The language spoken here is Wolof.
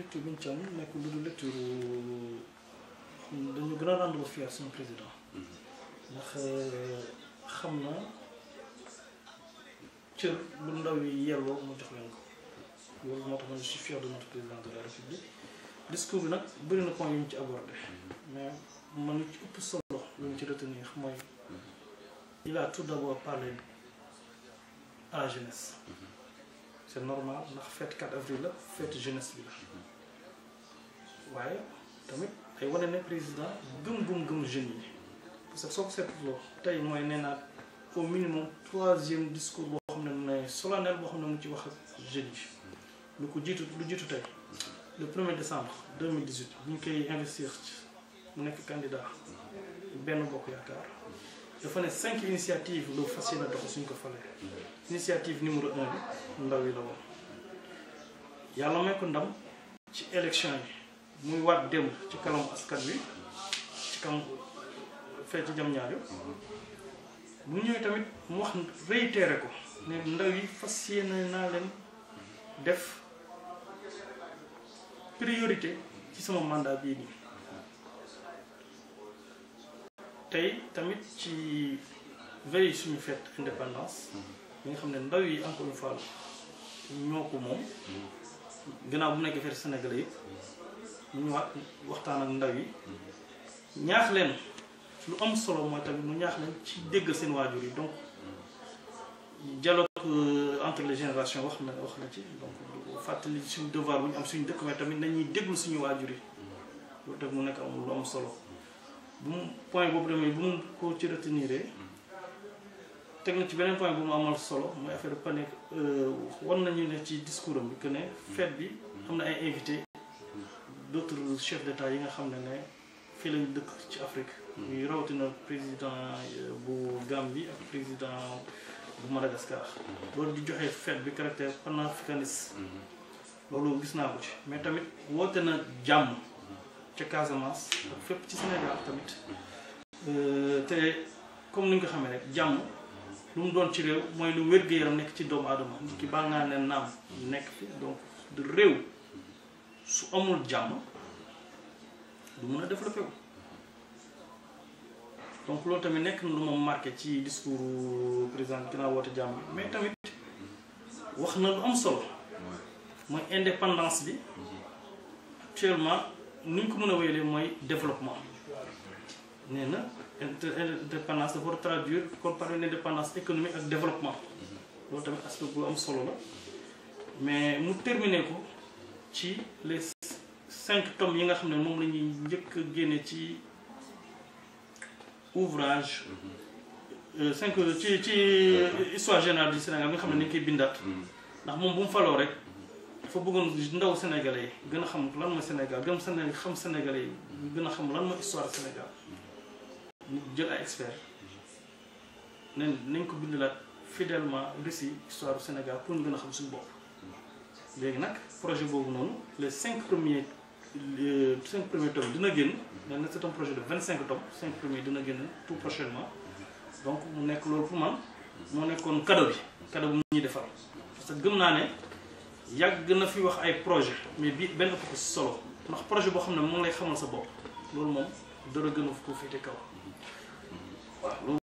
lecture bi ñu ci am nekkul lu dul lecture dañu gën a rendre suñu président. ndax euh, xam na cër lu ndaw yi yelloo mu jox leen ko loolu moo tax man je suis fier de notre président de la république discours bi nag bëri na point yu ñu ci abordé mais man ci ëpp solo lu ñu ci retenir mooy il a tout d'abord parlé à la c' est normal ndax fête 4 avril la fête jeunesse bi la waaye tamit ay wane ne président gëm-gëm-gëm jeune yi parce que soo ko seetloo tey mooy nee naa au minimum troisième discours boo xam ne ne solennel boo xam ne mu ci wax ak bi lu ko jiitu lu jiitu tey le 1er décembre 2018 bu ñu koy investir mu nekk candidat benn bokk yaakaar dafa ne cinq initiative lu fas yi yéene dox suñ ko falee initiative numéro un bi ndaw yi la woon yàlla may ko ndam ci élection yi muy waat dem ci kanam askan wi ci kanam fee ci jam ñaajo bu ñëwee tamit mu wax réitéré ko ne ndaw yi fas yéene naa leen def priorité ci sama mandat bii nii tey tamit ci veille suñu fet indépendance bi nga xam ne ndaw yi encore une fois ñoo ko moom gannaaw bu nekk fête sénégalais yëpp ñu wa waxtaan ak ndaw yi ñaax leen lu am solo mooy tamit ñu ñaax leen ci déggal seen waajur yi donc dialogue euh, entre les générations wax na wax na ci donc fàttali suñu devoir bu ñu am suñu dëkk mais tamit nañuy déglu suñu waajur yi loolu tamit mu nekk amul lu am solo bu mu point boobu demee bu mu ko ci retenir teg na ci beneen point bu mu amal solo mooy affaire bu ne euh, nañu ne ci discours am bi que ne fête bi am na ay invité d'autres chefs d'état yi nga xam ne ne fii lañ dëkk ci Afrique ñuy hmm. rawatina président euh, bu Gambie ak président bu Madagascar hmm. loolu di joxe fête bi caractère panafricaniste hmm. loolu gis naa ko ci mais tamit woote na jàmm ca Casamance ak fépp ci Sénégal tamit euh, te comme ni nga xamee rek jàmm lu mu doon ci réew mooy lu wér-gu-yaram nekk ci doomu aadama nit ki baa ngaa ne naam nekk fi donc du réew su amul jàmm du mën a développé donc loolu tamit nekk na lu ma marqué ci discours président dinaa woote jàmm mais tamit wax na lu am solo mooy indépendance bi actuellement ni ko mën a wéyalee mooy développement nee na interdépendance dafa war a traduire comme par une indépendance économique ak développement loolu tamit aspect bu am solo la mais mu terminer ko ci les cinq tomes yi nga xam ne moom la ñuy njëkk génne ci ouvrage euh, cinq ci ci histoire générale du Sénégal bi nga xam ne ni koy bindaat mm-hmm. ndax moom bu mu faloo rek dafa bëggoon ndaw sénégalais gën a xam lan mooy Sénégal gën Sénégal xam sénégalais yi gën a xam lan mooy histoire Sénégal jël ay expert ne nañ ko la fidèlement récit histoire Sénégal pour ñu gën a xam suñu bopp. léegi nag projet boobu noonu les cinq premiers les cinq premiers tomes dina génn nee na c'est un projet de vingt cinq tomes cinq premiers dina génn tout prochainement donc mu nekk loolu pour man moo nekkoon cadeau bi cadeau bu ñuy defar parce que gëm naa ne. yàgg na fi wax ay projet mais bii benn ëpp ko si solo ndax projet boo xam ne moom lay xamal sa bopp loolu moom dara gën a ko féete kaw waaw